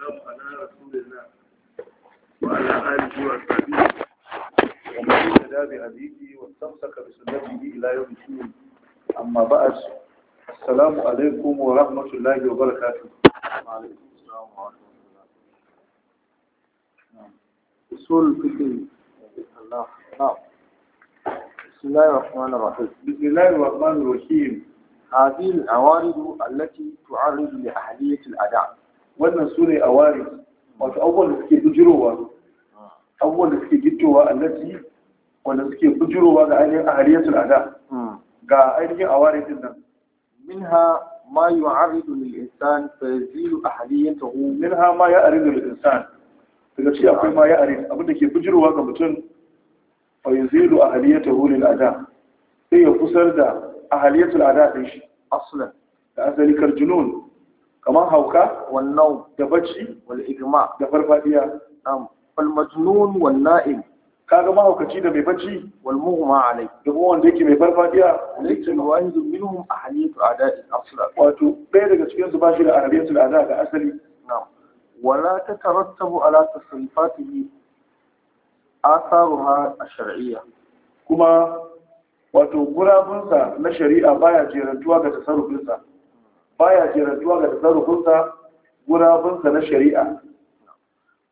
والسلام على رسول الله وعلى آله وصحبه ومن اهتدى بهديه واستمسك بسنته إلى يوم الدين أما بعد السلام عليكم ورحمة الله وبركاته وعليكم السلام ورحمة الله أصول الفقه الله نعم بسم الله الرحمن الرحيم بسم الله الرحمن الرحيم هذه العوارض التي تعرض لأحدية الأداء wannan su ne a wari. wato abubuwan da suke bujirowa abubuwan da suke gittowa allaci wanda suke bujirowa ga ainihin a hariyatul ada ga ainihin a ware din nan minha ma yu'aridu lil insan fa yazilu ahliyatahu minha ma ya ya'ridu lil insan daga ce akwai ma ya'ridu abin da ke bujirowa ga mutum fa yazilu ahliyatahu lil ada sai ya kusar da a ahliyatul ada din shi Asalin. da asali karjunun kamar hauka wannan da bacci wal igma da farfadiya na'am fal majnun wal na'im kaga mahaukaci da mai bacci wal mughma alai da kuma wanda yake mai farfadiya laysa nawaidu minhum ahliyatu ada'i asla wato ɗaya daga cikin su bashi da arabiyatul ada ga asali na'am wala tatarattabu ala tasrifatihi atharuha ash-shar'iyya kuma wato gurabunsa na shari'a baya jerantuwa ga tasarrufinsa baya jirantuwa ga tasarrufinsa gurabinsa na shari'a wata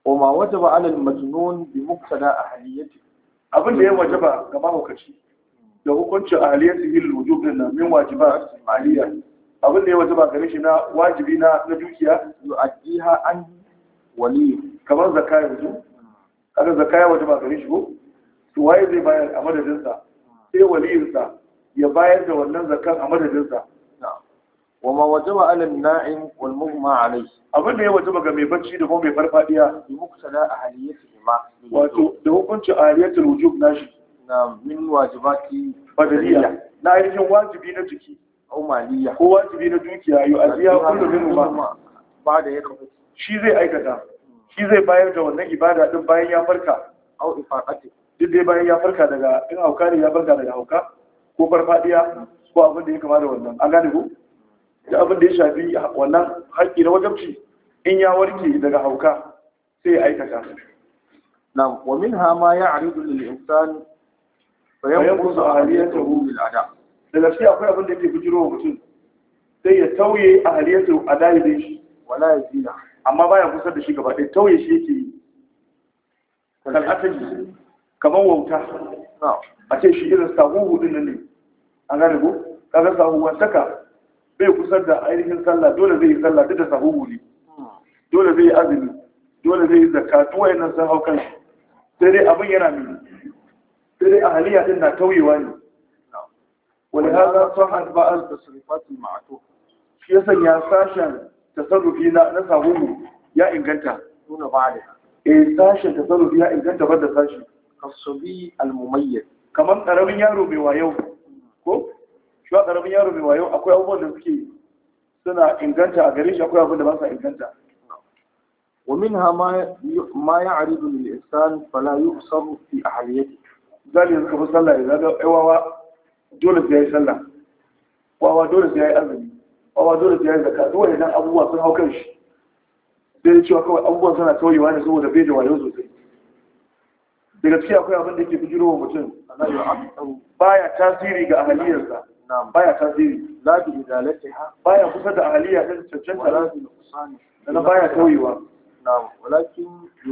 وما وجب على المجنون a haliyyati abin da ya ba ga mahaukaci da hukunci haliyyati yin wujub na min wajibat maliya abin da ya ba gare shi na wajibi na na dukiya yu'addiha an wali kamar zakaya yanzu kaga zakaya wajaba gare shi ko to waye zai bayar a madadinsa? sai waliyin ya bayar da wannan zakan a madadinsa. wa ma على النائم والمغمى عليه mughma alayhi abin da ya waje ga mai bacci da kuma mai farfadiya bi muqtada ahliyatihima wato da hukunci ahliyatul wujub nashi na min wajibati badaliya na ainihin wajibi na jiki au maliya ko wajibi na dukiya yu aziya kullu min ma ba da ya kafa shi zai aikata shi zai bayar da wannan ibada din bayan ya farka au ifaqati duk dai bayan ya farka daga in hauka ne ya farka daga hauka ko farfadiya ko abin da ya kama da wannan an gane ku da abin da ya shafi wannan haƙƙi na wajabci in ya warke daga hauka sai ya aikata na wa minha ma aridu lil insan fa yanqusu ahliyatahu bil ada da gaske akwai abin da yake bijiro mutum sai ya tauye ahliyatahu adai din shi wala zina amma baya kusa da shi gaba ɗaya tauye shi yake yi kal'ataji kamar wauta a ce shi irin sahuhu din nan ne an gane ko kaga sahuwan saka bai kusar da ainihin sallah dole zai yi sallah duk da sahuhu ne dole zai yi azumi dole zai yi zakka duk wayannan sun hau kanshi sai dai abin yana mini sai dai ahaliya din na tauyewa ne wani hada sun hadba al tasrifatul ma'tuf shi ya sanya sashen tasarrufi na na sahuhu ya inganta nuna ba da eh sashen tasarrufi ya inganta ba da sashi kasabi al mumayyiz kamar karamin yaro mai wayo ko shi ƙaramin yaro mai wayo akwai abubuwan da suke suna inganta a gare shi akwai abin da ba sa inganta ومنها ما ما يعرض للإنسان فلا يقصر في أهليته zali yanzu fi sallah ya zaga wawa dole sai ya yi sallah wawa dole sai ya yi azumi wawa dole sai ya yi zaka duk wadannan abubuwa sun hau kan shi sai cewa kawai abubuwan suna tauyewa ne saboda bai da wayo sosai daga ciki akwai abin da ke bijiro wa mutum baya tasiri ga ahaliyarsa na baya tasiri la bi idalatiha baya kusa da ahliya din cancanta la bi nuqsani na baya tauyewa na walakin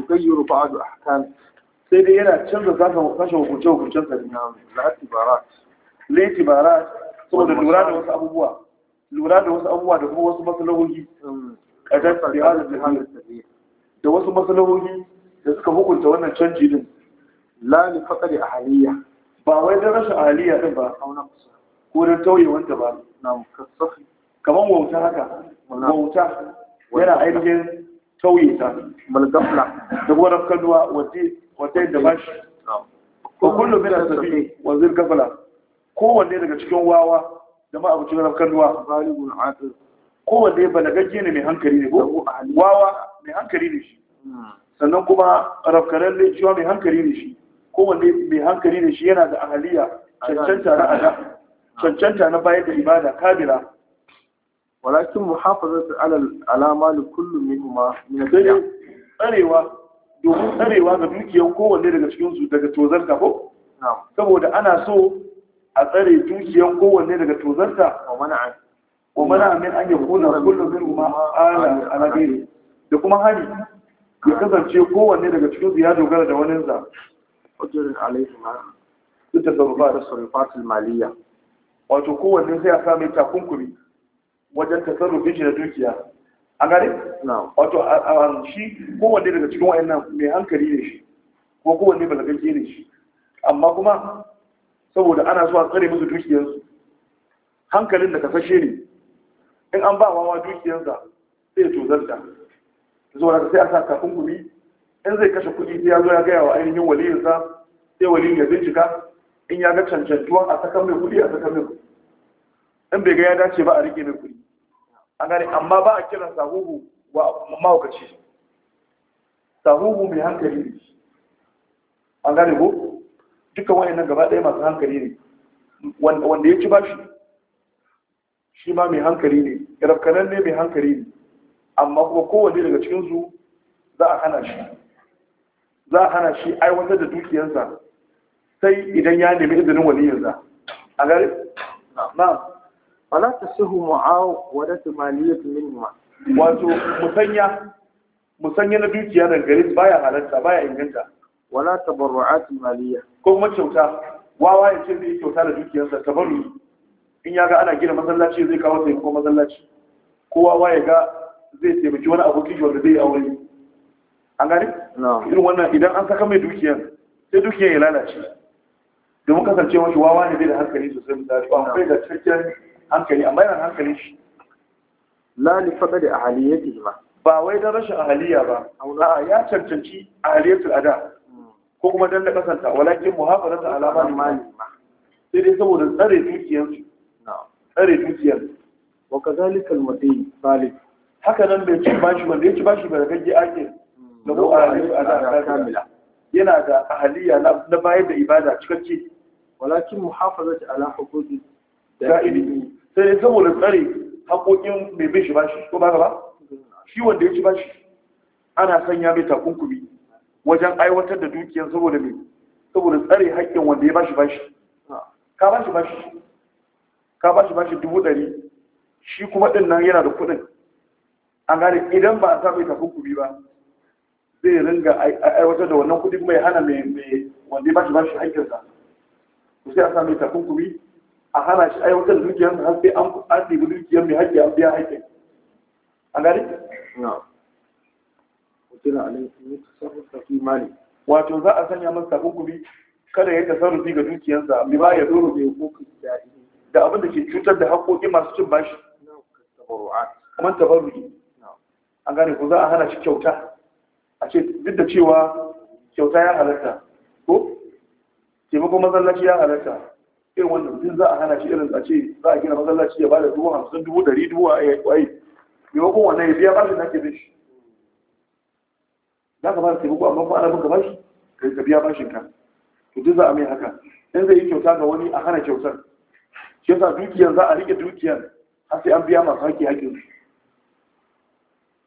adu a kan sai dai yana canza zaka kashe hukunce hukuncen sa na latibarat latibarat saboda lura da wasu abubuwa lura da wasu abubuwa da kuma wasu masalahohi mm. da wasu masalahohi da suka hukunta wannan canji din la li faqari ahliya ba wai da rashin ahliya ɗin ba kusa wurin tauyewanta ba kamar wauta haka wauta yana ainihin tauye ta malgafla da kuma rafkanuwa wata ba shi, ko kullum yana sabi wanzir gafala kowanne daga cikin wawa da ma'abucin rafkanuwa kowanne balagagge ne mai hankali ne ko wawa mai hankali ne shi hmm. sannan kuma rafkanan lejiwa mai hankali ne shi kowanne mai hankali ne shi yana da ahaliya cancanta ra'ada cancanta na bayar da ibada kabila walakin muhafazatu ala alama li kullu minhuma min dai tsarewa domin tsarewa ga dukiyar kowanne daga cikin su daga tozarta ko saboda ana so a tsare dukiyar kowanne daga tozarta wa mana min an yi kullu minhuma ala ala gairi da kuma hali ya kasance kowanne daga cikin su ya dogara da waninsa. Ujirin alaihi ma. Duk da sarrufa da sarrufatul maliyya. wato kowanne sai a samu takunkumi wajen tasarru shi da dukiya an Na. wato a shi kowanne daga cikin wayannan mai hankali ne shi ko kowanne balagagge ne shi amma kuma saboda ana so a tsare musu dukiyarsu hankalin da kasashe ne in an ba wawa dukiyarsa sai da. zuwa da sai a sa takunkumi in zai kashe kuɗi sai ya zo ya gaya wa ainihin waliyinsa sai waliyin ya bincika in ya ga cancantuwa a sakar mai kuɗi a sakar mai kudi in bai ga ya dace ba a rike mai kuɗi A gane amma ba a kiran sahuhu wa mahaukaci sahuhu mai hankali ne A gane ko duka nan gaba ɗaya masu hankali ne wanda ya ci bashi shi ma mai hankali ne rafkanan ne mai hankali ne amma kuma kowanne daga cikinsu za a hana shi za a hana shi aiwatar da dukiyarsa sai idan ya nemi izinin waliyinsa a gari Na. wala tasihu mu'awadatu maliyatu minima wato musanya musanya na dukiya na gari ba ya halatta ba ya inganta wala tabarru'atu maliyya ko kuma kyauta wawa ya ce zai kyauta da dukiyarsa ta tabarru in ya ga ana gina masallaci zai kawo sai ko masallaci ko wawa ya ga zai taimaki wani abokin shi wanda zai aure an gani irin wannan idan an saka mai dukiyar sai dukiyar ya lalace domin kasance wani wawa ne bai da hankali sosai misali ba bai da cikakken hankali amma yana hankali shi la li faqad ahaliyatihi ma ba wai dan rashin ahaliya ba a'a ya cancanci ahaliyatul ada ko kuma dan da kasanta walakin muhafazatu ala mali sai dai saboda tsare dukiyar su tsare dukiyar wa kadhalika al-madi salih haka nan bai ci bashi ba. ya ci bashi ba da gaji ake na ko ahaliyatul ada kamila yana da ahaliya na bayar da ibada cikakke walakin muhafazati ala huquqi da'ili sai dai saboda tsare haƙoƙin mai bin shi ba shi ko ba ba shi wanda ya ci ba shi ana sanya mai takunkumi wajen aiwatar da dukiyar saboda mai saboda tsare haƙƙin wanda ya ba shi ba shi ka ba shi ba shi ka ba shi ba shi dubu ɗari shi kuma ɗin nan yana da kuɗin an gane idan ba a sa mai takunkumi ba zai ringa aiwatar da wannan kuɗin mai hana mai wanda ya ba shi ba shi haƙƙinsa to sai a sa mai kuri a hana shi a yi aiwatar dukiyar da haske an an ɗibi dukiyar mai haƙƙi an biya a gari? na alaikun haƙƙin tafi mani wato za a sanya masa kuri kada ya tasarrufi ga dukiyarsa bi ba ya doro bai hukuki da abin da ke cutar da haƙoƙi masu cin bashi kamar tabarruki a gari ko za a hana shi kyauta a ce duk da cewa kyauta ya halatta ko taimakon masallaci ya halatta irin wannan din za a hana shi irin a ce za a gina masallaci ya bada dubu hamsin dubu dari dubu a yi kwaye taimakon wannan ya biya bashin na ke bin shi za ka bada taimako amma kuma ana bin ka kai ka biya bashin ka to duk za a mai haka in zai yi kyauta ga wani a hana kyautar shi yasa dukiyar za a rike dukiyar har sai an biya masu haƙƙi haƙƙinsu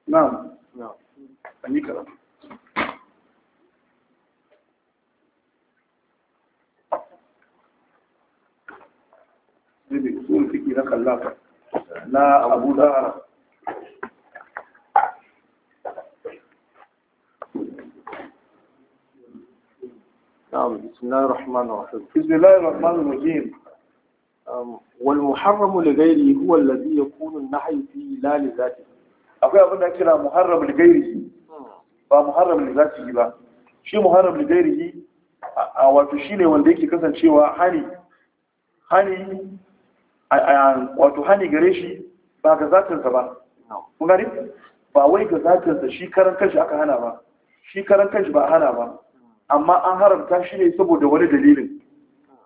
na'am an yi karatu na kallafa na abu zahara نعم بسم الله الرحمن الرحيم بسم الله الرحمن الرحيم والمحرم لغيره هو الذي يكون النهي فيه لا لذاته akwai abin da kira muharram ba muharram li ba shi muharram ligairihi a wato shine wanda yake kasancewa wato hani gare shi ba ga zatinsa ba kun gani ba wai ga zatinsa shi karan kanshi aka hana ba shi karan kanshi ba hana ba amma an haramta shi ne saboda wani dalilin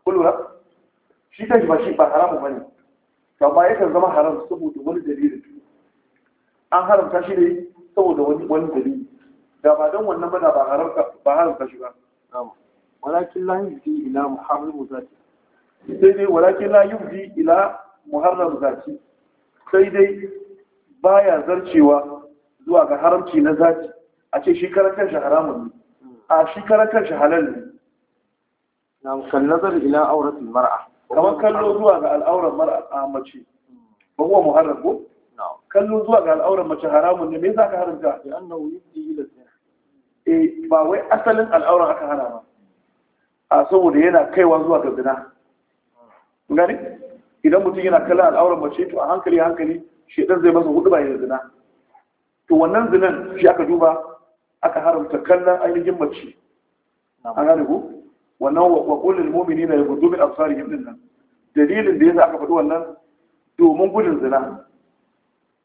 kulura shi kanshi ba shi ba haramun bane ta ba yakan zama haram saboda wani dalilin an haramta shi ne saboda wani dalilin. da ba don wannan bada ba haramta ba haramta shi ba walakin lahi ila muharrimu zati sai dai walakin yi fi ila muharram zaki sai dai baya zarcewa zuwa ga haramci na zaki a ce shi karakar shi haramun ne a shi karakar shi halal ne na kan nazar ila auratul mar'a kamar kallo zuwa ga al'auran mar'a a mace ba kuwa muharram ko kallo zuwa ga al'auran mace haramun ne me za ka haramta ya yi yubdi ila eh ba wai asalin al'auran aka hana ba a saboda yana kaiwa zuwa ga zina gani idan mutum yana kallon al'auran mace to a hankali hankali shi dan zai masa hudu bayan zina to wannan zinan shi aka duba aka haramta kallon ainihin mace an gane ku wannan wa kullul mu'minina yaghuddu min absarihim din nan dalilin da yasa aka faɗi wannan domin gudun zina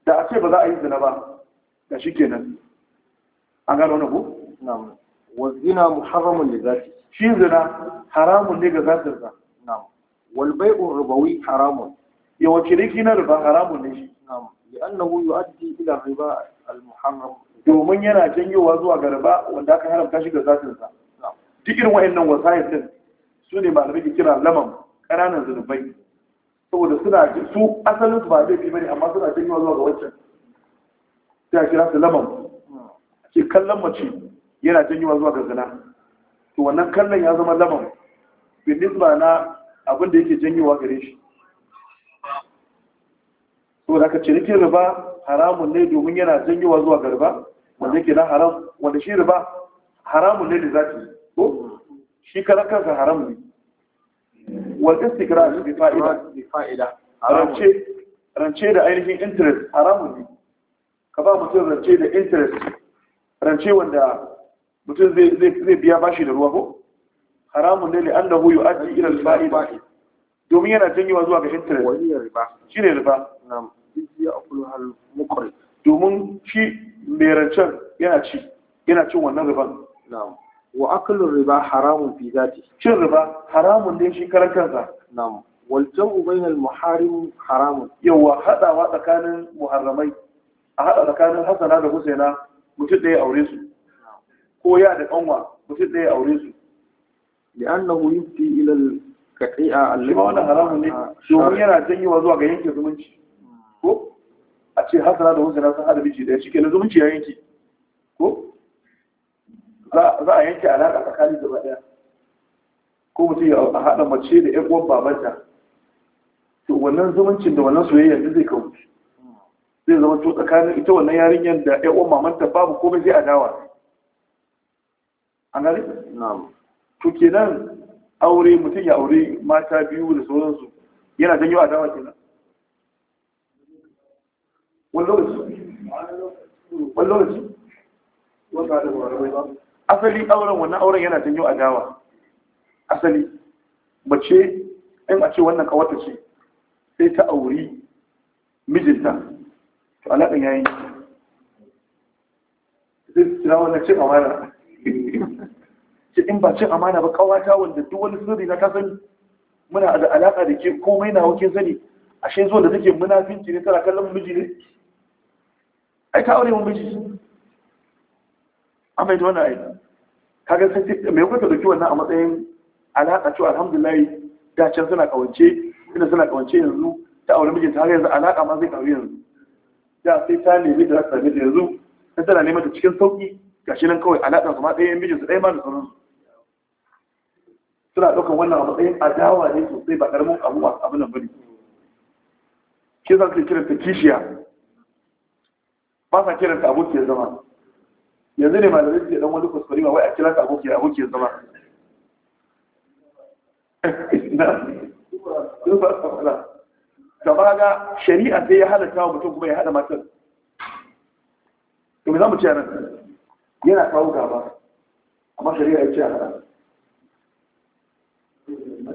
da a ce ba za a yi zina ba da shi kenan an gano wannan ku na'am wa zina muharramun li zati shi zina haramun ne ga zatin sa na'am wal bai'ur ribawi haramun yawan ciniki na riba haramun ne shi li'annahu yu'addi ila riba al-muharram domin yana janyowa zuwa ga riba wanda aka haramta shi ga zatin sa duk irin wayannan wasayar din su ne malamai ke kira lamam ƙananan zunubai saboda suna su asalin su ba fi bane amma suna janyowa zuwa ga wancan sai a kira su lamam ce kallon mace yana janyowa zuwa ga zina to wannan kallon ya zama lamam bin nisba na abin da yake janyowa gare shi saboda aka cinikin riba haramun ne domin yana janyowa zuwa ga riba wanda yake na haram wanda shi riba haramun ne da zaki ko shi karan kansa haram ne wal istikrar bi fa'ida bi fa'ida rance rance da ainihin interest haramun ne ka ba mutum rance da interest rance wanda mutum zai biya bashi da ruwa ko haramun ne li'annahu yu'addi ila al-fa'ida domin yana janyewa zuwa ga interest ne riba Nam riba na'am ya akulu hal muqri domin shi mai rancen yana ci yana cin wannan riban na'am wa aklu riba haramun fi zati cin riba haramun ne shi karan kansa Nam wal jam'u bainal muharim haramun yawa hadawa tsakanin muharramai a hada tsakanin hasana da husaina mutum ɗaya aure su ko ya da ƙanwa mutum ɗaya aure su لأنه يفتي إلى القطيعة التي وانا حرام ne domin yana janyewa zuwa ga yanke zumunci ko a ce hasana da husana sun hada miji daya shike كو zumunci ya yanke ko za a yanke alaƙa tsakani gaba daya ko mutum ya haɗa mace da ƴan uwan babanta to wannan zumuncin zai zama to tsakanin ita wannan yarinyar da ƴan uwan mamanta babu komai zai adawa a gani na'am to kenan aure mutum ya aure mata biyu da sauransu yana janyo adawa kenan wani lokaci asali auren wannan auren yana janyo dawa. asali mace in a ce wannan kawata ce sai ta auri mijinta to alaƙan yayin zai tsira wannan cin amara. in ba cin amana ba kawata wanda duk wani sirri na kasan muna da alaka da ke komai na hukin sani ashe zuwa da take finci ne tara kallon miji ne ai ta aure mun miji an bai wannan ai kaga sai me kuka dauki wannan a matsayin alaka cewa alhamdulillah da can suna kawance ina suna kawance yanzu ta aure miji ta yanzu alaka ma zai kawo yanzu da sai ta nemi da za miji yanzu sai tana neman ta cikin sauki gashi nan kawai alaka su ma ɗaya yan bijinsu ɗaya ma da sauransu suna ɗaukar wannan a matsayin adawa ne sosai ba ƙaramin abu masu abin nan bane ke za su kiranta kishiya ba sa kiranta abokiyar zama yanzu ne malamai su ɗan wani kuskure ba wai a kira ta abokiyar abokiyar zama gaba ga shari'a sai ya hada kawo mutum kuma ya hada matar Kuma za mu ce nan yana kawo gaba amma shari'a ya ce a hada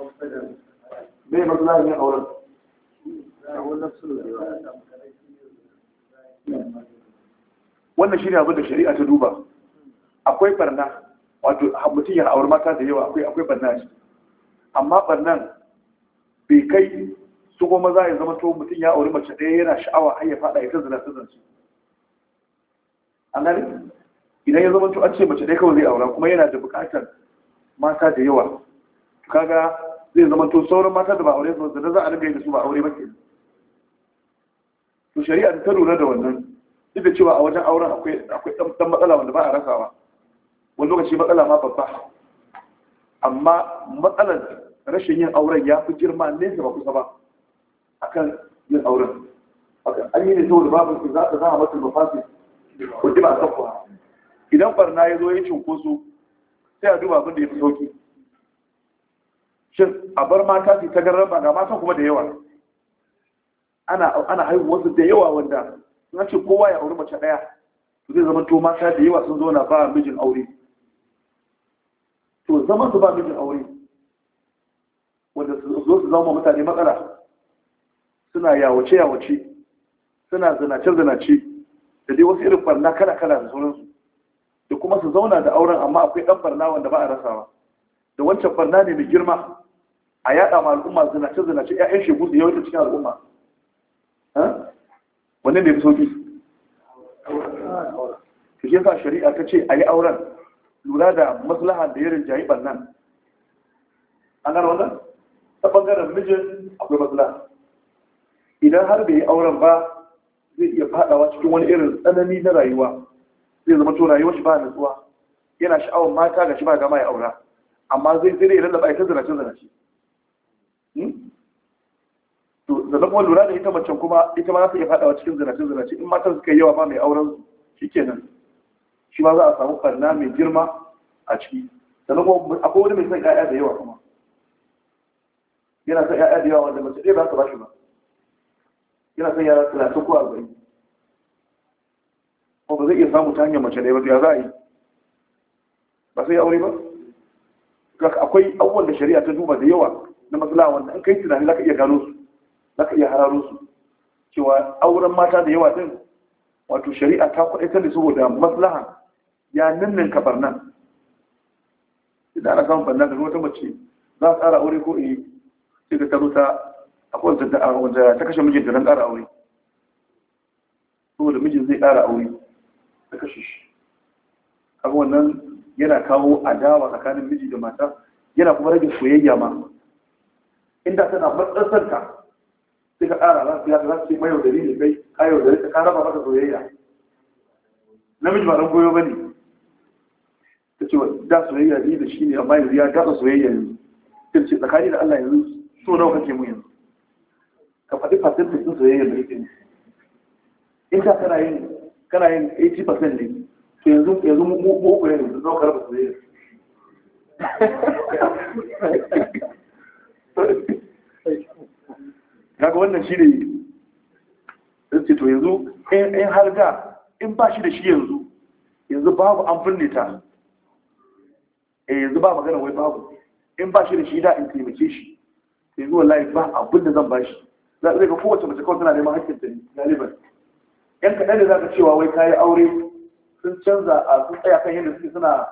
bai ne wannan shi ne abin da shari'a ta duba akwai barna wato mutum yana aure mata da yawa akwai akwai barna shi amma barnan bai kai su goma za ya zama to mutum ya aure mace ɗaya yana sha'awa har ya faɗa ya ta zina ta zance an gani idan ya zama to an ce mace ɗaya kawai zai aura kuma yana da buƙatar mata da yawa kaga zai zama to sauran mata da ba aure su da za a riga yi da su ba aure ba ke to shari'a ta lura da wannan duk da cewa a wajen auren akwai akwai dan matsala wanda ba a rasawa wani lokaci matsala ma babba amma matsalar rashin yin auren ya fi girma nesa ba kusa ba akan yin auren akan yi ne saboda babu su za ta zama mata mafasi ko ji ba a idan barna ya zo ya cunkoso sai a duba abin da ya fi sauki shin a bar mata su ta garraba ga mata kuma da yawa ana ana haihuwa su da yawa wanda sun ce kowa ya auri mace daya to zai zama to mata da yawa sun zauna ba mijin aure to zama su ba mijin aure wanda su zo su zama mutane matsala suna yawace yawace suna zinace zinace da dai wasu irin barna kala kala da sauransu da kuma su zauna da auren amma akwai dan barna wanda ba a rasawa da wancan barna ne mai girma a yada ma al'umma zinace zinace ƴaƴan shi da yawaita cikin al'umma wanne ne sauki ta ke sa shari'a ta ce a yi auren lura da maslaha da yarin jayi bannan an gara wannan ta ɓangaren mijin akwai maslaha idan har bai yi auren ba zai iya fadawa cikin wani irin tsanani na rayuwa zai zama to rayuwar shi ba nutsuwa yana sha'awar mata ga shi ba gama ya aura amma zai zai idan da ba ita zinace zinace Hmm? to sannan kuma lura da ita macen kuma ita ma za ta iya fadawa cikin zinace zinace in matan suka yi yawa ba mai auren su kenan. shi ma za a samu ɓarna mai girma a ciki sannan kuma akwai wani mai son ƴaƴa da yawa kuma yana son ƴaƴa da yawa wanda mace ɗaya ba ta ba shi ba yana son yara talatin ko arba'in kuma ba zai iya samu ta hanyar mace ɗaya ba ya za a yi ba sai ya aure ba akwai abubuwan da shari'a ta duba da yawa na matsala wanda an kai tunani za ka iya gano su za ka iya hararo su cewa auren mata da yawa din wato shari'a ta ta da saboda maslaha ya nannan ka barna idan ana samun barnan da wata mace za a tsara aure ko eh sai ka taro ta akwai wanda ta kashe mijinta don ƙara aure saboda mijin zai ƙara aure ta kashe shi kaga wannan yana kawo adawa tsakanin miji da mata yana kuma rage soyayya ma inda tana matsar ka sai ka ƙara za su yi za su ce mai yaudari ne kai ka yaudari ka raba ba maka soyayya namiji ba ran goyo ba ne ta ce da soyayya ne da shi ne amma yanzu ya gaba soyayya ne ta ce tsakani da Allah yanzu so nawa kake mu yanzu ka faɗi fasinta sun soyayya da yake in ka kana yin kana yin 80% ne to yanzu yanzu mu uku ne yanzu nawa ka raba soyayya kaga wannan shi ne zai to yanzu in har da in ba shi da shi yanzu yanzu babu an binne ta eh, yanzu ba magana wai babu in ba shi da shi da in taimake shi yanzu wallahi ba abin da zan ba shi za ka kowace mace kawai tana neman hakkin ta ne galiban yan kaɗan da za ka cewa wai kayi aure sun canza a sun tsaya kan yadda suke suna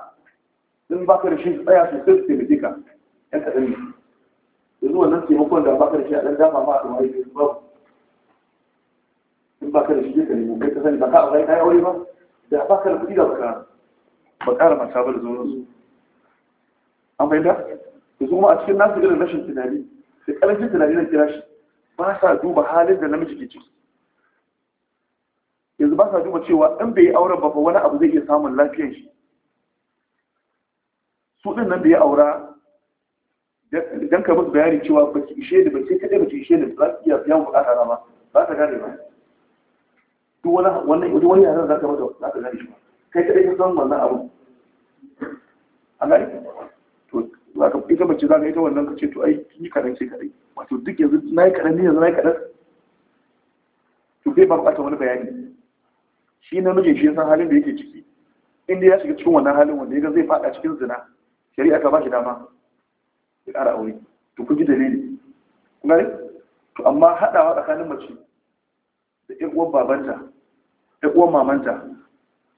sun ba ka da shi su tsaya sosai su taimake ka yan kaɗan ne yanzu wannan taimakon da baka da shi a ɗan dafa ma a ɗan wani babu in baka da shi ka nemo kai ka sani ba ka aure kai aure ba da baka da kuɗi da baka ba ƙara mata ba da zuwan su an da yanzu kuma a cikin nasu irin rashin tunani da ƙarancin tunani na kira shi ba sa duba halin da namiji ke ciki yanzu ba sa duba cewa in bai yi auren ba wani abu zai iya samun lafiyar shi su ɗin nan da ya aura Idan ka musu bayani cewa ba ki ishe da ba sai kada ba ki ishe da ba ki iya biyan bukata na ba ba ka gane ba duk wani wannan duk wani yaran zaka mata za ka gane shi kai kaɗai ka san wannan abu a gani to zaka ita mace zaka ita wannan ka ce to ai kin yi kadan sai kadai wato duk yanzu na yi kadan ne yanzu na yi kadan to kai ba bukata wani bayani shi na mijin shi ya san halin da yake ciki inda ya shiga cikin wannan halin wanda ya ga zai faɗa cikin zina shari'a ta ba shi dama ya ƙara aure to kun ji dalili kuma ne to amma haɗawa tsakanin mace da ƴan uwan babanta ƴan uwan mamanta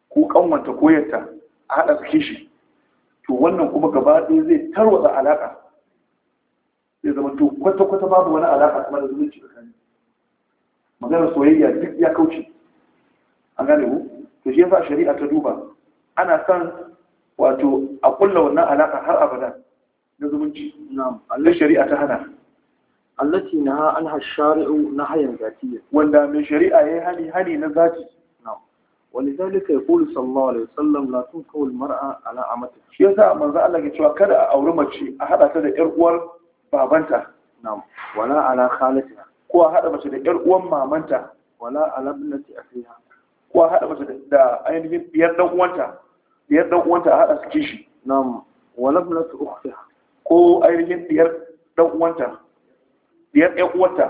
ko kanwanta ko yarta a haɗa su kishi to wannan kuma gaba ɗaya zai tarwatsa alaƙa zai zama to kwata-kwata babu wani alaƙa kuma da zumunci tsakani maganar soyayya duk ya kauce an gane ku to shi yasa shari'a ta duba ana san wato a kulla wannan alaƙa har abada na zumunci Allah shari'a ta hana allati naha anha shari'u nahayan zatiyya wanda mai shari'a yayi hani hani na zati ولذلك يقول صلى الله عليه وسلم لا تنكو المرأة على عمتها shi yasa manzo Allah ya cewa kada a auri mace a hada ta da ƴar uwar babanta na'am wala ala khalatiha ko a hada mace da ƴar uwan mamanta wala ala ibnati akhiha ko a hada mace da ainihin biyar dan uwanta biyar dan uwanta a hada su kishi na'am wala ibnati ukhtiha ko ainihin diyar dan uwanta diyar ɗan uwanta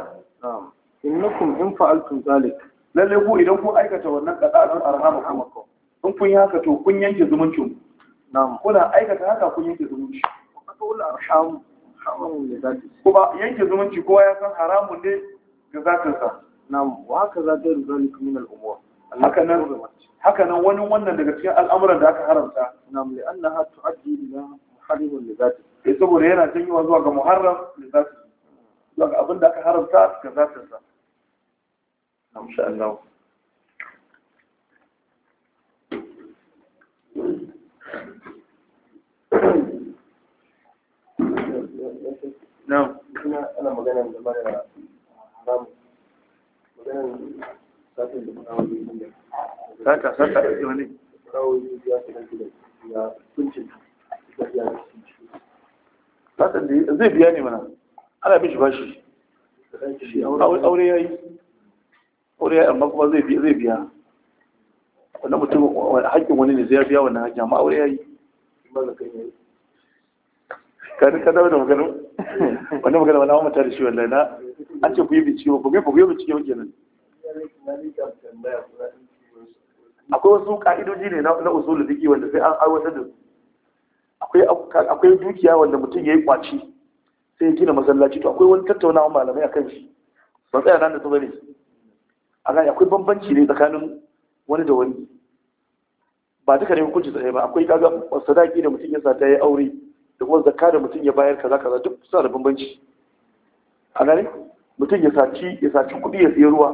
innakum in fa'altum zalik lalle ku idan ku aikata wannan qada'atun arhamakum in kun yi haka to kun yanke zumuncin na'am kuna aikata haka kun yanke zumunci kuma yanke zumunci kowa ya san haramun ne ga zatin sa wa haka za ta zalik min al-umur haka nan haka nan wani wannan daga cikin al'amuran da aka haramta na'am li'annaha tu'addi na muharrimin li zafi. sai saboda yana janyowa zuwa ga muharram da su zuwa ga abin da aka haramta ga zatin sa insha Allah Ana magana da mara haramu. Maganar da wani Sata, sata, wani. ya fi zai biya ne mana ana bin shi bashi aure ya yi aure ya yi amma kuma zai biya wannan mutum haƙƙin wani ne zai biya wannan haƙƙin amma aure ya yi kani ka da magana wani magana wani amma ta shi wallahi na an ce ku yi bincike ku yi ku yi bincike muke nan akwai wasu ka'idoji ne na usulul fiqi wanda sai an aiwatar da su akwai dukiya wanda mutum ya yi kwaci sai ya gina masallaci to akwai wani tattaunawa malamai a kan shi ba tsaya nan da ta ne a gani akwai bambanci ne tsakanin wani da wani ba duka ne hukunci tsaye ba akwai kaga sadaki da mutum ya sa ta yi aure da kuma zakka da mutum ya bayar kaza kaza duk suna da bambanci a gani mutum ya saci ya saci kuɗi ya sayi ruwa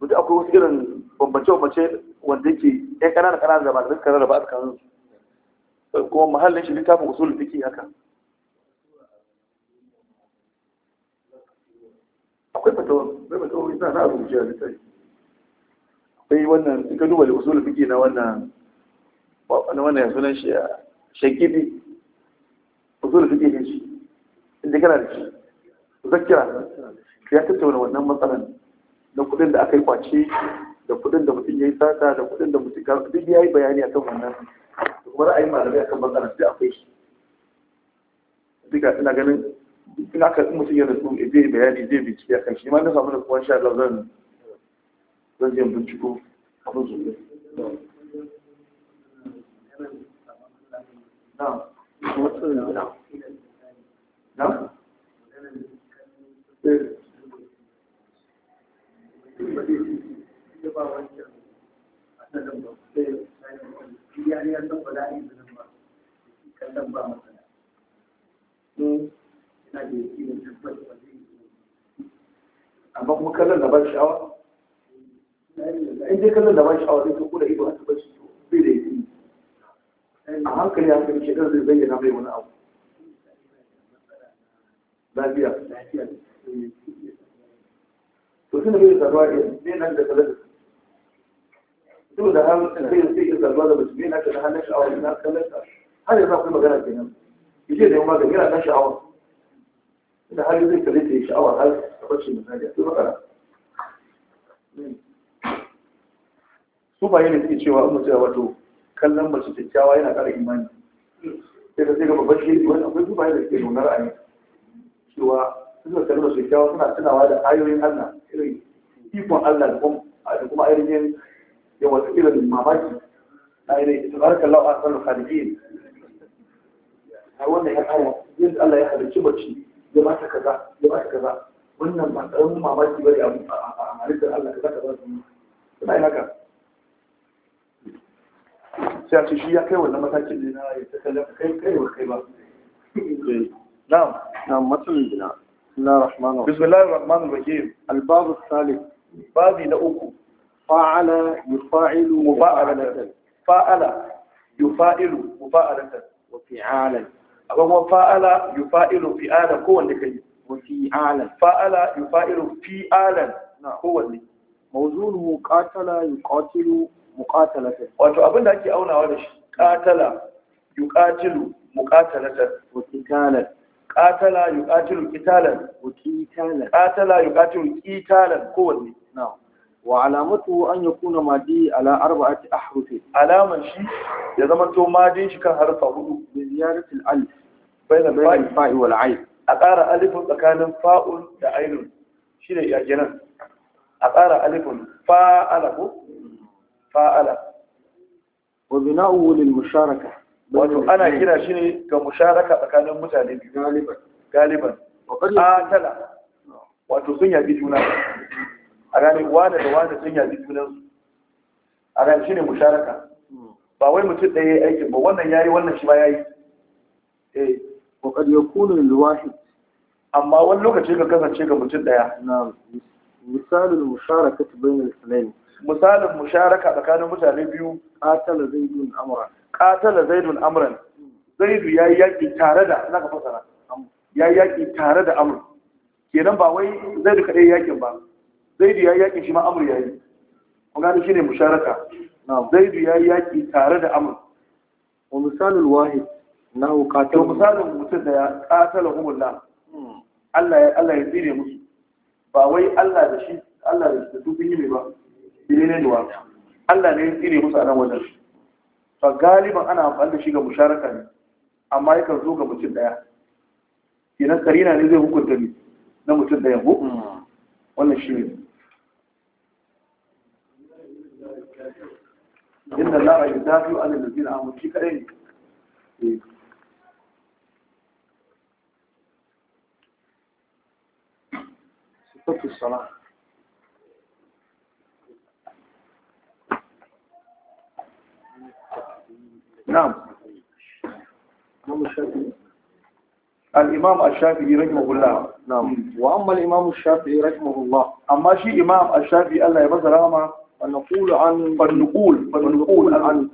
mutum akwai wasu irin bambance-bambance wanda yake ƴan ƙananan ƙananan da malamai suka rarraba a tsakaninsu kuma mahallin shi littafin usul fiki haka akwai fatawar bai fatawar ita na rubuce a littafi akwai wannan ka duba da usul fiki na wannan wannan ya sunan shi a shakibi usul fiki ne shi inda kana da shi zakira ya tattauna wannan matsalan na kudin da aka yi kwace da kudin da mutum ya yi sata da kudin da mutum ya yi bayani akan wannan wani ayi malamai akan matsalar da akwai shi duka ina ganin in aka mutum ya rasu zai bayani zai bincike akan shi ma na samu da kuwan sha zan zan je binciko abin su ya ya san a yi zanen kallon ba hmm. da ba zai amma kuma kallon da ban sha'awa in kallon da ban sha'awa zai ido haka ba bai da yi. a hankali hankali shi zai bayyana mai wani abu lafiya to suna bai da tsarwa ne eh, nan da kallon da tun da har zai zai iya zarzuwa da mutum na hannun har na sha'awa na kallon sa har yanzu akwai magana kenan yaje da yamma ga yana kan sha'awa da har zai kare ta yi sha'awa har ta bace misali a cikin magana su ba yana suke cewa in mutum wato kallon mace kyakkyawa yana ƙara imani sai da sai ga babban shi wani akwai su ba yana suke nuna ra'ayi cewa suna kallon mace kyakkyawa suna tunawa da ayoyin Allah irin ikon Allah da kuma ainihin ya wata ila da mamaki na ire tabaraka Allah a sanar khalidin a wannan ya aya yadda Allah ya halarci mace ya ba ta kaza ya ba ta kaza wannan ba karamin mamaki bane a halittar Allah kaza kaza suna yin haka sai a ce shi ya kai wannan matakin ne na ya ta kallaka kai kai wa kai ba eh. na'am na'am matsalin gina بسم الله الرحمن الرحيم الباب الثالث بابي uku. fa'ala yufa'ilu mufa'alatan fa'ala yufa'ilu mufa'alatan wa fi'alan akwai kuma fa'ala yufa'ilu fi'alan kowanne kai wa fi'alan fa'ala yufa'ilu fi'alan na kowanne mawzunu qatala yuqatilu muqatalatan wato abin da ake aunawa da shi qatala yuqatilu muqatalatan wa qitalan qatala yuqatilu qitalan wa qitalan qatala yuqatilu qitalan kowanne na'am wa alamatu an yakuna madi ala arba'ati ahrufi alaman shi ya zama to madin shi kan harfa hudu bi ziyarati al-alif bayna bayna fa'i wal ayn a ƙara alifun tsakanin fa'un da ainun shi ne ya kenan a ƙara alifun fa'ala ko fa'ala wa bina'uhu lil musharaka wato ana kira shi ne ga musharaka tsakanin mutane biyu galiban galiban wa wato sun yabi juna a gane wane da wane sun yaji su. a gane shi ne musharaka ba wai mutum ɗaya ya aikin ba wannan yari wannan shi ma ya yi eh wakar ya kuna luwashi amma wani lokaci ka kasance ga mutum ɗaya na misalin musharaka ta bayan sanani misalin musharaka tsakanin mutane biyu katala zaidun amran katala zaidun amran zaidu ya yi yaƙi tare da na ka fasara ya yi yaƙi tare da amur kenan ba wai zaidu kaɗai yaƙin ba zaidu ya yi yaƙi shi ma amur ya yi kun gani shi ne musharaka zaidu ya yi yaƙi tare da amur wa misalin wahid na hukatar wa misalin mutum da hmm. ya ƙatala humulla Allah ya tsire musu ba wai Allah da shi Allah da shi, da sun yi ne ba ile ne da wata Allah ne ya tsire musu a nan wajen Ba galiban ana amfani da shi ga musharaka ne amma yakan zo ga mutum ɗaya kenan karina ne zai hukunta ne na mutum ɗaya ko hmm. wannan shi ne إن الله يدافع عن الذين آمنوا في kadai صفة الصلاة نعم الإمام الشافعي رحمه الله نعم وأما الإمام الشافعي رحمه الله أما شيء إمام الشافعي الله يبزر أمه فنقول عن فنقول فنقول عن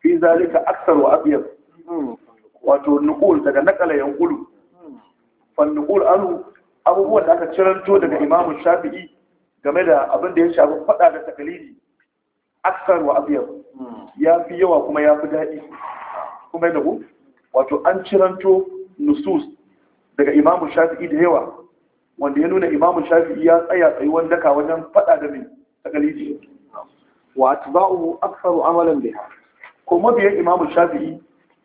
في ذلك أكثر وأبيض وتنقول daga nakala 'yan yanqulu فنقول عنه abubuwan da aka ciranto daga imamun Shafi'i game da abin da ya shafi fada da takalidi aksar wa abiyar ya fi yawa kuma ya fi daɗi kuma da wato an ciranto nusus daga imamun Shafi'i da yawa wanda ya nuna imamun Shafi'i ya tsaya tsayuwan daka wajen fada da mai takalidi wa atba'uhu aktharu amalan biha ko mabiyan imam shafi'i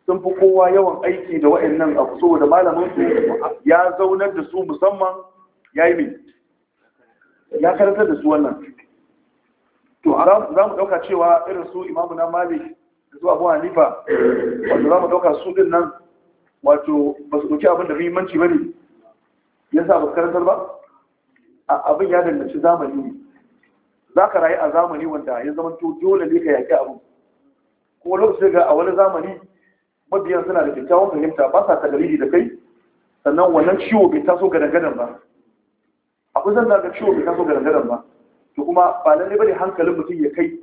sun fi kowa yawan aiki da wa'annan abu da malamin su ya zaunar da su musamman yayi mai ya karantar da su wannan to za mu dauka cewa irin su imamu na malik da su abu hanifa wato za mu dauka su din nan wato ba su dauki abin da muhimmanci ba ne ya sa ba karantar ba abin ya danganci zamani ne za ka rayu a zamani wanda ya zama dole ne ka yaƙi abu ko lokaci ga a wani zamani mabiyan suna da kyakkyawan fahimta ba sa tagariri da kai sannan wannan ciwo bai taso ga dangadan ba kusan zan ga ciwo bai taso ga dangadan ba to kuma ba lalle bane hankalin mutum ya kai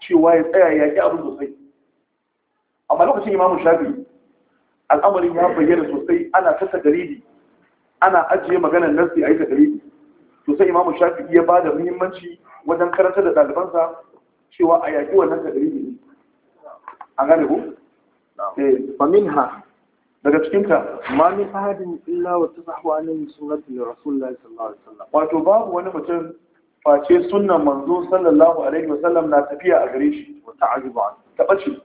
cewa ya tsaya ya yaƙi abin sosai amma lokacin imamu shafi al'amarin ya bayyana sosai ana ta tagariri ana ajiye maganar nasi a yi tagariri to sai imamu shafi'i ya ba da muhimmanci wajen karanta da ɗalibansa cewa a yaƙi wannan taɗari ne a gane ku? fa eh. minha daga cikinta ma min fahadin illa wa tasahu alayhi sunnati rasulullahi sallallahu alaihi wasallam wato babu wani mutum face sunnan manzo sallallahu alaihi wasallam na tafiya a gare shi wa ta'ajibu an ta bace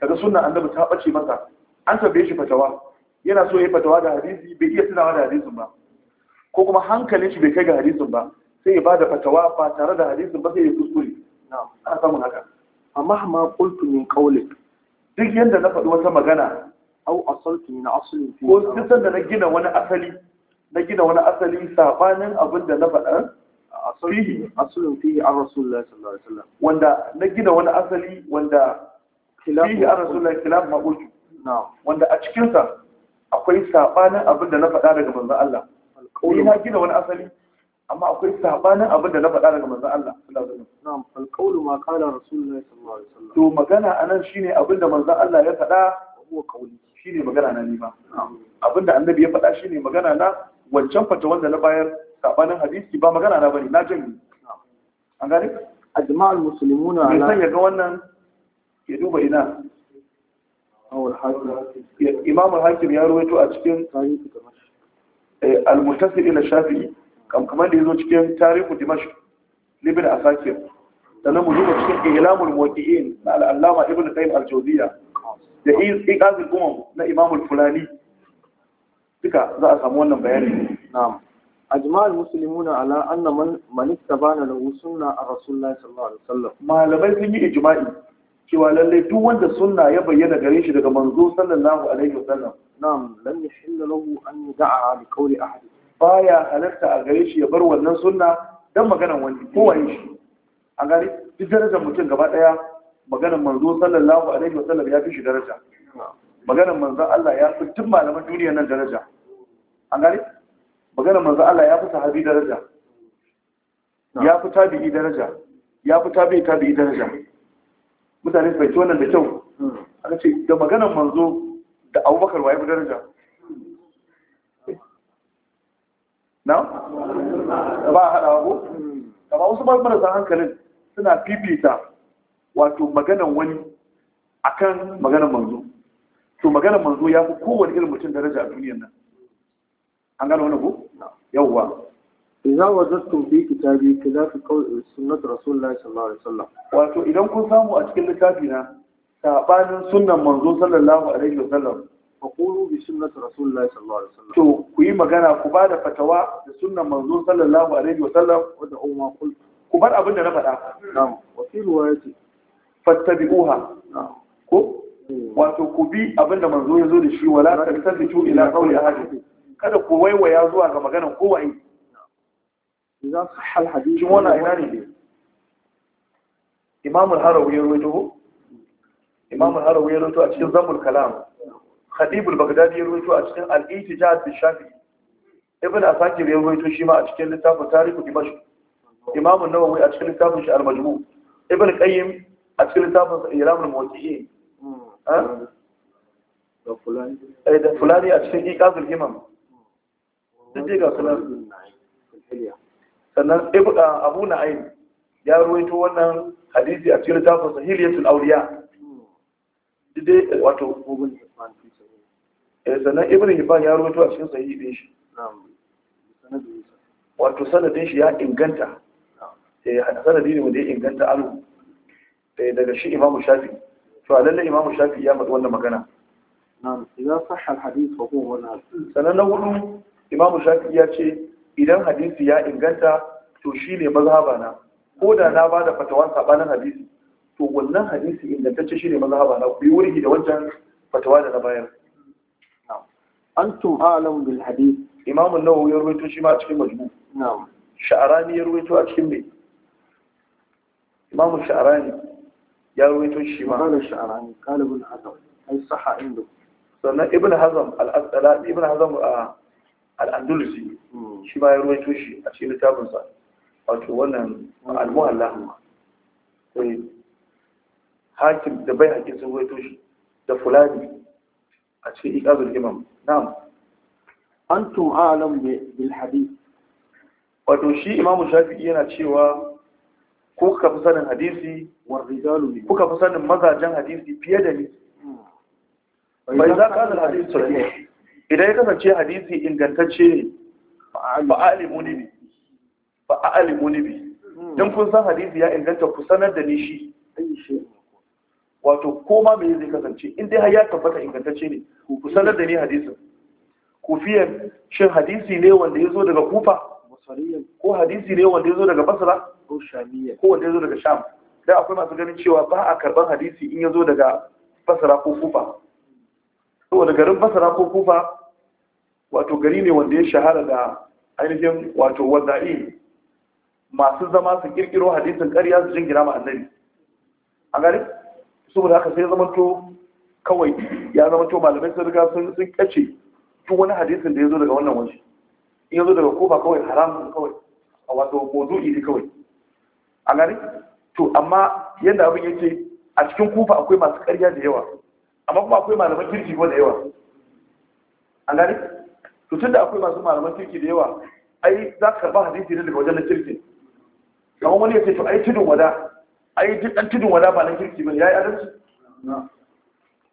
kaga sunnan annabi ta bace masa an tabbe shi fatawa yana so yayi fatawa da hadisi bai iya tunawa da hadisin ba ko kuma hankalin shi bai kai ga hadisin ba sai ya ba da fatawa ba tare da hadisin ba sai ya kuskure ana samun haka amma ma qultu min qawlik duk yadda na faɗi wata magana au asaltu min aslin fi ko duk sanda na gina wani asali na gina wani asali sabanin abin da na faɗa fihi aslin fihi an rasulullahi sallallahu alaihi wasallam wanda na gina wani asali wanda fihi an rasulullahi kilab maqul wanda a cikinsa akwai sabanin abin da na faɗa daga manzon Allah ni na gina wani asali amma akwai sabanin abin da na faɗa daga manzon Allah sallallahu alaihi wasallam fal qawlu ma qala rasulullahi sallallahu alaihi wasallam to magana anan shine abin da manzon Allah ya faɗa huwa qawli shine magana na ni ma abin da annabi ya faɗa shine magana na wancan fata wanda na bayar sabanin hadisi ba magana na bane na jin an gane ajma'ul muslimuna ala sai ga wannan ya duba ina imam al-hakim ya ruwaito a cikin Eh, al-mutasir ila shafi'i kamar da yazo cikin tarihu dimash libin asakir sannan mu duba cikin ihlamul muwaqqi'in na al-allama ibn qayyim al-jawziyya da iqaz al-umam na imam al-fulani duka za a samu wannan bayani na'am أجمع المسلمون على أن من من استبان له سنة الرسول الله صلى الله عليه Malamai sun yi يكن إجماعي cewa lallai duk wanda sunna ya bayyana gare shi daga manzo sallallahu alaihi wasallam na'am lam an yada'a li baya halarta a gare shi ya bar wannan sunna dan maganan wani ko wani shi a gare duk darajar mutum gaba daya maganan manzo sallallahu alaihi wasallam ya fi shi daraja maganan manzo Allah ya fi duk malaman duniya nan daraja an gare maganan manzo Allah ya fi sahabi daraja ya fi tabi'i daraja ya fi tabi'i daraja mutane su fahimci wannan da kyau aka ce da maganan manzo da abubakar waye fi daraja na? ba a haɗa ko? ba wasu ba hankalin suna fifita wato maganan wani akan maganan manzo to maganan manzo ya fi kowane irin mutum daraja a duniyar nan an gano wani ko? yawwa إذا وجدتم في كتابي ka قول سنة رسول الله صلى الله Wato idan kun samu a cikin littafina. sabanin sunnan manzo sallallahu alaihi sallam fa qulu bi sunnati rasulillahi sallallahu alaihi sallam to ku yi magana ku ba da fatawa da sunnan manzo sallallahu alaihi wa da umma qul ku bar abin da na faɗa na'am wa fi riwayati fattabi'uha ko wato ku bi abin da manzo ya zo da shi wala tattabitu ila qawli ahadi kada ku waiwaya zuwa ga maganar kowaye idan sahal hadisi wannan ina ne imamul harawi ya rawaito imam al-harawi ya rawaito a cikin zamul kalam khatib al-baghdadi ya rawaito a cikin al ijtihad bi shafi ibn asakir ya rawaito shi ma a cikin littafin tarikh dimashq imam an-nawawi a cikin littafin shi al-majmu' ibn qayyim a cikin littafin ilam al-muwaqqi'in ha fulani eh, da fulani a cikin iqaz al-himam dai ga sunan sannan ibn abu na'im ya rawaito wannan hadisi a cikin littafin sahihiyatul awliya dai wato ibn hibban eh, sannan ibn hibban ya rawaito a cikin sahih din shi wato sanadin shi ya inganta eh sanadi ne wanda ya inganta alu eh, daga shi imamu shafi to lalle imamu shafi ya faɗi wannan magana idan sahha al-hadith fa huwa wannan sanan na hudu imamu shafi ya ce idan hadisi ya inganta to shine mazhabana ko da na bada fatawan sabanin hadisi to wannan hadisi ingantacce shine mazhaba na ku yi wurgi da wancan fatawa da na bayar antum Alam bil hadith imam an-nawawi ya rawaito shi ma a cikin majmu na'am sha'rani ya rawaito a cikin me imam sha'rani ya rawaito shi ma qala sha'rani qala ibn hazm ay sahha indu sannan ibn hazm al-asqalani ibn hazm ah, al-andalusi hmm. shi ma ya rawaito shi a cikin littafin sa wato wannan al-muhalla eh. hakim da bai haƙi sun waito shi da fulani a cikin ikazul imam na'am antum a'lam bil hadith wato shi imam shafi'i yana cewa ko kuka fi sanin hadisi war rijalu kuka fi sanin mazajen hadisi fiye da ni hmm. bai za ka da hadisi sahih idan ya kasance hadisi ingantacce ne fa'alimu ne bi fa'alimu ne bi hmm. dan kun san hadisi ya inganta ku sanar da ni shi wato koma me zai kasance in dai har ya tabbata ingantacce ne ku sanar da ni hadisin kufiyan shin hadisi ne wanda ya zo daga kufa ko hadisi ne wanda ya zo daga basra ko shamiya ko wanda ya zo daga sham da akwai masu ganin cewa ba a karban hadisi in ya zo daga basra ko kufa wanda garin basra ko kufa wato gari ne wanda ya shahara da ainihin wato wada'i masu zama su kirkiro hadisin ƙarya su jingina ma annabi a gari saboda haka sai zamanto kawai ya zamanto malamai sun riga sun sun kace tun wani hadisin da ya zo daga wannan wani. in ya zo daga kofa kawai haram kawai a wato mawdu'i ne kawai a gani to amma yadda abin yake a cikin kufa akwai masu ƙarya da yawa amma kuma akwai malaman kirki ko da yawa a gani to tunda akwai masu malaman kirki da yawa ai za ka karba hadisi ne daga wajen na kirki kamar wani ya ce to ai tudun wada ai duk dan tudun wala ba na kirki bane yayi adalci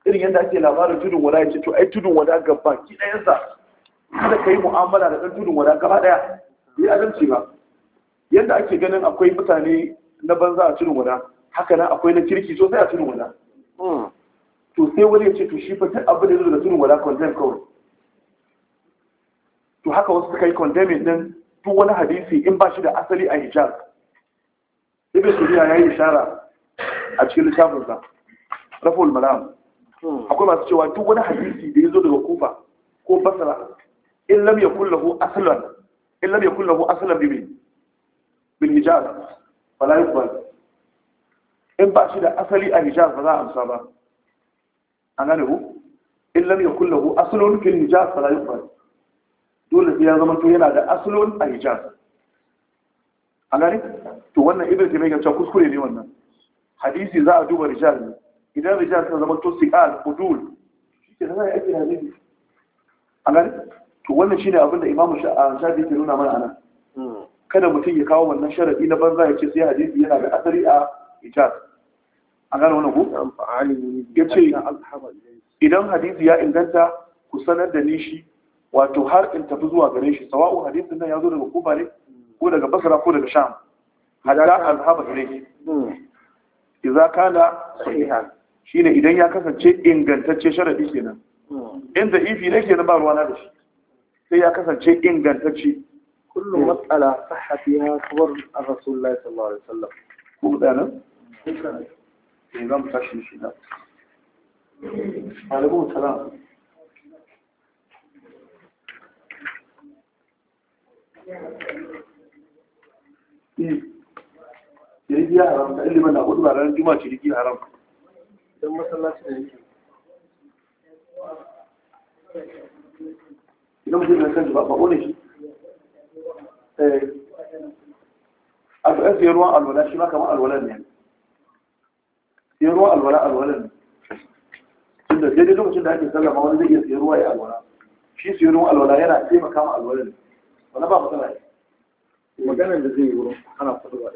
irin yadda ake labarin tudun wala yace to ai tudun wala gaba ki dayan sa kada kai mu'amala da dan tudun wala gaba daya yi adalci ba yadda ake ganin akwai mutane na banza a tudun wala haka nan akwai na kirki sosai a tudun wala hmm. to sai wani ya ce to shi fa duk abin da zai da tudun wala condemn kawai to haka wasu suka yi condemning din duk wani hadisi in ba shi da asali a hijab يبي يسويها هي الشارع اجل الشافر ذا رفوا الملام اكو ما تشوا تو وانا حديثي دي يزود الكوفه كو بصره ان لم يكن له اصلا ان لم يكن له اصلا بمن بالحجاز فلا يقبل ان باشي ده اصلي الحجاز فلا امسى با انا له ان لم يكن له اصل في الحجاز فلا يقبل دول يا زمان تو ينادى اصل الحجاز an gane to wannan ibn mai cewa kuskure ne wannan hadisi za a duba rijal ne idan rijal ta zama to siqal udul shi ne zai ake hadisi an gane to wannan shine ne abinda imamu ah, shafi ke nuna mana anan kada mutum ya kawo wannan sharadi na banza ya ce sai hadisi yana da asali a Rijal. an gane wannan ku ya ce idan hadisi ya inganta ku sanar da ni shi wato har in tafi zuwa gare shi sawa'u hadisin nan ya zo daga kuba ne ko daga basra ko daga sham hatta azhaba ilayhi hmm. idza kana sahihan shine idan ya kasance ingantacce sharadi kenan hmm. in da ifi ne kenan ba ruwa na da shi sai ya kasance ingantacce kullum Mas'ala sahha fiha khabar ar-rasulullahi sallallahu alaihi wasallam ko da nan sai eh, zan tashi shi da alaikum salam Thank you. ciniki ya haram da na ranar haram masallaci ba shi eh. a ruwan alwala shi ne ruwan lokacin da ake wani zai iya siyan ruwa ya shi ruwan yana taimaka ma alwalan wani ba matsala ne maganar da zai yi wurin ana kudu da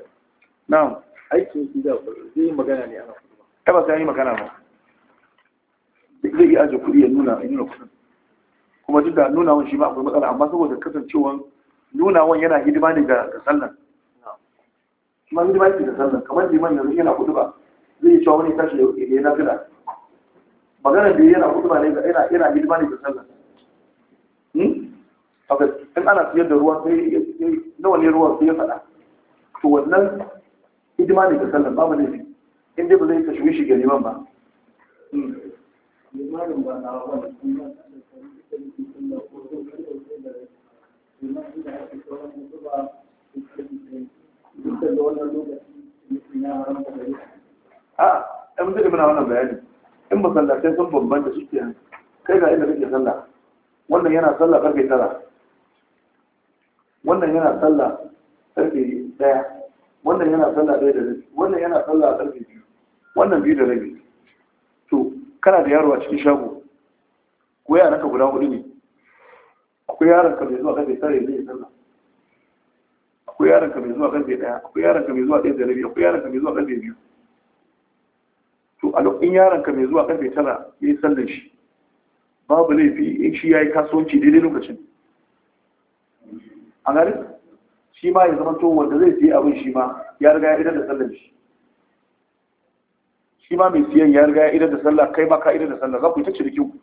na'am aikin shi da zai yi magana ne ana kudu ba ba sai yi magana ba zai yi ajiye kuɗi ya nuna ya nuna kuɗin kuma duk da nunawan shi ma akwai matsala amma saboda kasancewan nunawan yana hidima ne ga sallan kuma hidima ne ga sallan kamar liman yanzu yana kudu zai yi cewa wani tashi ya yi na fila maganar da yana kudu ba ne yana hidima ne ga sallan haka in ana siyar da ruwa sai nawa ne ruwa sai ya faɗa to wannan hidima ne ga sallan babu laifi in dai ba zai kashe shi ga liman ba a ɗan zai muna wannan bayani in sai sun bambanta shi kai ga inda kake sallah wannan yana sallah karfe tara wannan yana sallah karfe daya wannan yana sallah ɗaya da rabi wannan yana sallah karfe biyu wannan biyu da rabi to kana da yaro a cikin shago ko yaran ka guda hudu ne akwai yaron ka mai zuwa ƙarfe tare zai sallah akwai yaron ka mai zuwa ƙarfe ɗaya, akwai yaron ka mai zuwa ɗaya da rabi akwai yaron ka mai zuwa ƙarfe biyu to a lokacin yaron ka mai zuwa ƙarfe tara ya yi sallar shi babu laifi in shi ya yi kasuwanci daidai lokacin a garin, shi ma ya zama to wanda zai siya abin shi ma ya riga ya idar da sallar shi shi ma mai siyan ya riga ya idar da sallah kai ma ka idar da sallah za ku yi ta cinikin ku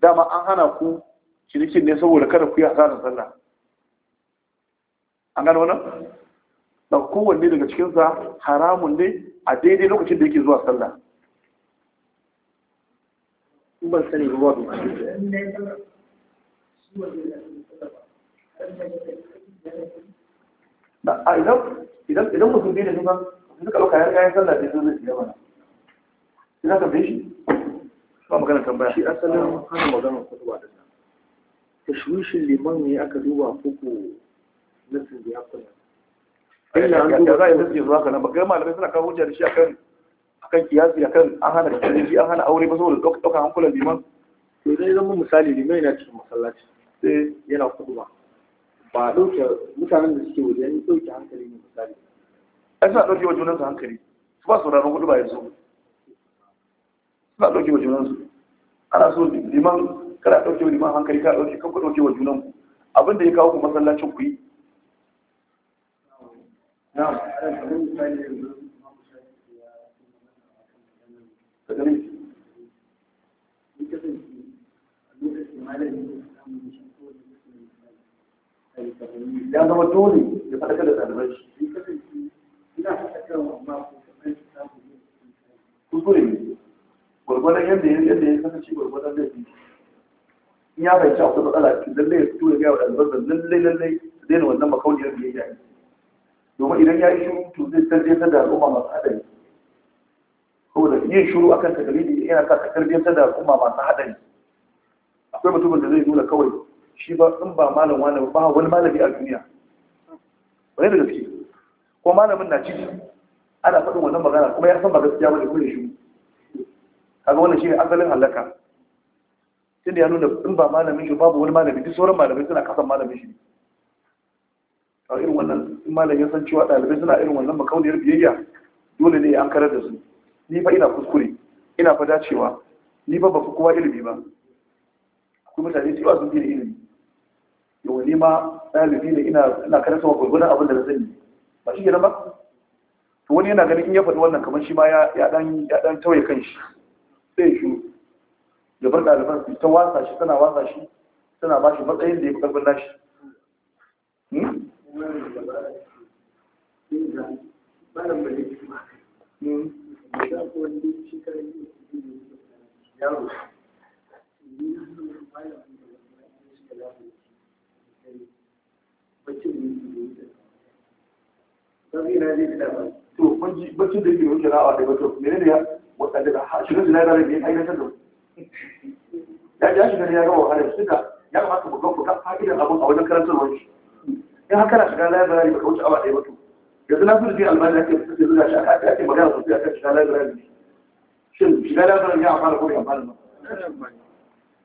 dama an hana ku cinikin ne saboda kada ku yi hasarar sallah an gano wannan da kowanne daga cikinsa haramun ne a daidai lokacin da yake zuwa sallah ban sani a idan idan idan mutum bai da shi ba suka ɗauka ya kayan sallah da zai zai mana ina tambaye shi ba magana tambaya shi asalin hana magana ba din nan tashwishin liman ne aka duba koko nasin da ya kula illa an duba za a yi nasin zuwa haka ba. bakar malamai suna kawo hujja da shi akan akan kiyasi akan an hana kiyasi an hana aure ba saboda ɗaukan hankulan liman to idan zama misali liman yana cikin masallaci sai eh. yana kutuba ba ɗauke mutanen da suke waje ne ɗauke hankali ne misali ai suna ɗauke wa junansu hankali su ba sauraron kudu ba yanzu suna ɗauke wa junansu ana so liman kada ɗauke wa liman hankali kada ɗauke kan ku ɗauke wa junanku abin da ya kawo ku masallacin ku yi na'am da gare Yan zama dole ya faɗakar da ɗalibai shi yadda ya yadda ya kasance in ya matsala lallai ya fito ya gaya wa ɗalibai da lallai lallai su daina wannan makauniyar da ya yi domin idan ya yi to zai al'umma masu haɗari saboda yin shuru akan takalidi yana sa ka al'umma masu haɗari akwai mutumin da zai nuna kawai shi ba in ba malam wani ba wani malami a duniya wani da gaske ko malamin na ciki ana faɗin wannan magana kuma ya san ba gaskiya ba da kuma shi kaga wannan shi ne asalin halaka tunda ya nuna in ba malamin shi babu wani malami duk sauran malamai suna kasan malamin shi a irin wannan in malam ya san cewa ɗalibai suna irin wannan makauniyar biyayya dole ne ya an karar da su ni fa ina kuskure ina fa dacewa ni fa ba fi kowa ilimi ba akwai mutane cewa sun bi da ilimi yau ni ma ɗalibi ne ina ina karanta wa gurgunan abin da zan yi ba shi kenan ba to wani yana ganin in ya faɗi wannan kamar shi ma ya ya dan ya dan tawaye kanshi sai shi ya bar ɗaliban su ta wasa shi tana wasa shi tana ba shi matsayin da ya fi ƙarfin nashi yaro hmm? hmm? bacci da yake da wuce da da da bato mene ne ya wadanda da shirin da ya ne aikatar da ya ji shiga ne ya gama wahalar su da ya kamata mu gan kuka fa'idan abin a wajen karantar wani in haka na shiga library ba ka wuce awa ɗaya ba yanzu na zurfi almani ake fitar da shi aka ake magana sosai da shiga library shin shiga library ya amfana ko ya amfana ba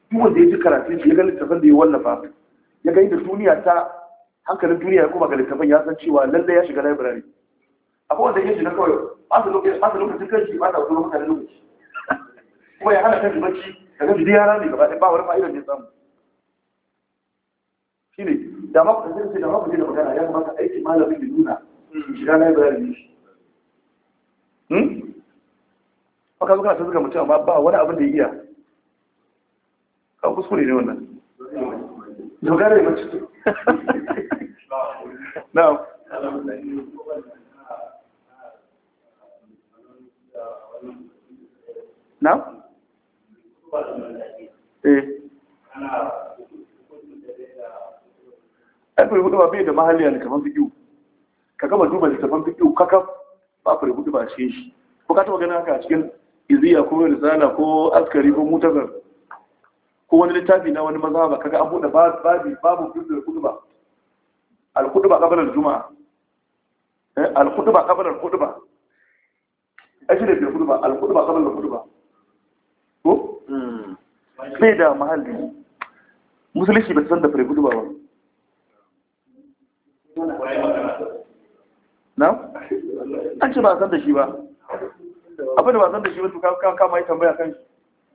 duk wanda ya ji karatu ya ga littafin da ya wallafa ya ga yadda duniya ta hankalin duniya ya koma ga littafin ya san cewa lalle ya shiga library akwai wanda ya shiga kawai ɓata lokacin ɓata lokacin kanshi ɓata wasu lokacin lokaci kuma ya hana kanshi bacci daga jidi yara ne gaba ɗaya ba wani fa'idar da ya samu shi ne da ma ku kasance da ma ku je da magana ya kamata aiki malamin ya nuna shiga library ne shi maka hmm? zo kana ta mutum amma ba wani abin da ya iya ka kuskure ne wannan dogara ya mace na'am na'am eh ba bai da mahalli a kamar fikiyu ka gama duba littafin fikiyu kakaf ba fari hudu ba shi ko ka taba ganin haka a cikin iziya ko risala ko askari ko mutazar ko wani littafi na wani ba kaga an buɗe babu babu fiqh al-khutba al-khutba qabla al-jum'a eh, al-khutba qabla al-khutba ajira bil khutba al-khutba qabla al ba. ko sai hmm. da mahalli musulunci ba san da fure khutba ba na an ce ba san da shi ba abin da ba san da shi ba to kama yi tambaya kan shi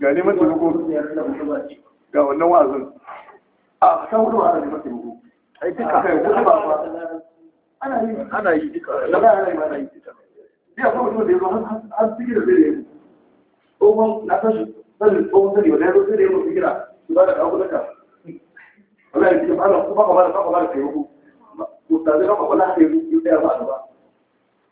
ga neman taimako ga wannan wazin a san wani neman taimako ai duka ana yi ana yi duka ba ana yi ana yi duka ne akwai mutum da ya zo har suke da zai yi tsohon na tashi sanin tsohon sani wanda ya zo zai yi mutum kira su ba da kawo kudaka wanda ya ce ba da kuma ba da kuma ba da taimako ko ta zai ba ba da taimako ya ba da ba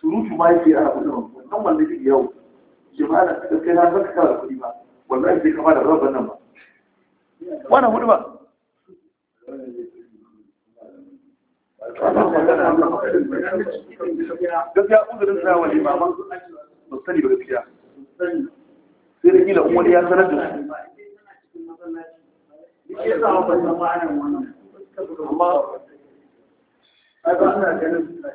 surutu ma yake ana kuɗi ba wannan wanda ke yau ke ma ana kai na zaka kawo da kuɗi ba wallahi sai kama da rabar nan ba wannan kuɗi ba gaskiya uzurin sa wa limaman ba sani ba gaskiya sai da kila wani ya sanar da su amma ai ba ana ganin da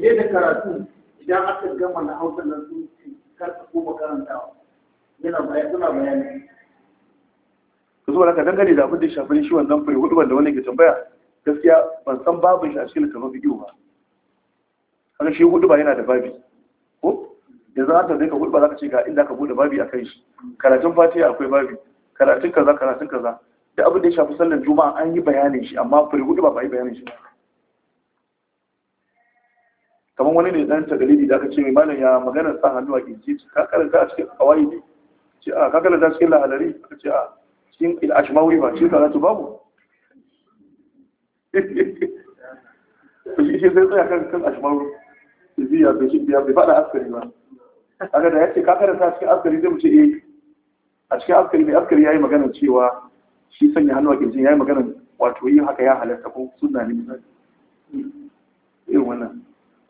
je da karatu idan aka gama na hausa na sun ce karka ko karanta yana bayan suna bayani ka zuwa ka dangane da abin da shafi shi wannan fure hudu wanda wani ke tambaya gaskiya ban san babin shi a cikin littafin bidiyo ba haka shi hudu ba yana da babi ko yanzu haka zai ka hudu ba za ka ce ga inda ka bude babi a kai shi karatun fatiha akwai babi karatun kaza karatun kaza da abin da ya shafi sallar juma'a an yi bayanin shi amma fari hudu ba ba yi bayanin shi ba kamar wani ne dan tagalidi da aka ce mai malam ya magana sa hannu a kirji ka karanta a cikin hawaii ne ce a ah, ka karanta cikin la'alari aka ce a ah, cikin al'ashmawi ba cikin karatu babu shi sai tsaya kan kan ashmawi biya bai biya bai faɗa askari ba Aka da yace ka karanta cikin askari zai mu ce eh a cikin askari ne askari ya yi magana cewa shi sanya hannu a ya yi magana wato yin haka ya halatta ko sunna ne misali irin wannan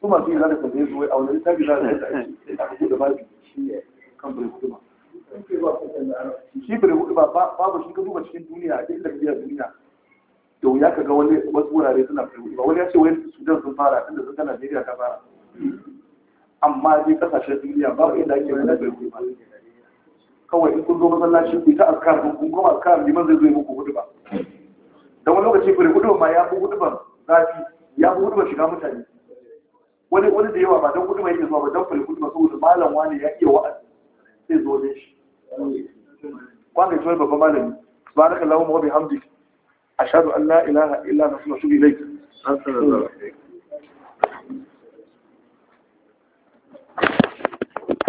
su masu yi za ka zai zuwa a wani littafi za ka zai da babu shi ne kan bai huduma shi bai huduma babu shi ka duba cikin duniya a inda ka biya duniya da wuya ka ga wani wasu wurare suna bai huduma wani ya ce wani sudan sun fara inda sun ga najeriya ta fara amma dai kasashen duniya babu inda ake wani bai huduma kawai in kun zo masallaci ku ta azkar ku kun kuma azkar liman zai zo yi muku huduma dan wani lokaci bai huduma ma ya fi huduma zafi ya fi huduma shiga mutane wani wani da yawa ba don kudu mai yi zuwa ba don fari kudu ba saboda malam wani ya iya wa'azi sai zo ne shi wanda shi wani babban malami Ba subhanaka allahumma wa bihamdik A an la ilaha illa anta astaghfiruka wa atubu ilayk